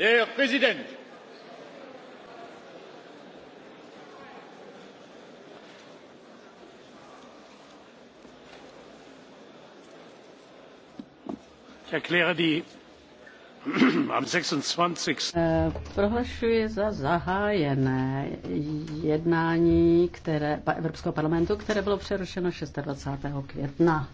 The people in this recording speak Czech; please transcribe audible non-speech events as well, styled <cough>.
herr präsident! ich erkläre die <clears throat> am. 26. Eh, prohlašuji za zahájené jednání které, Evropského parlamentu, které bylo přerušeno 26. května.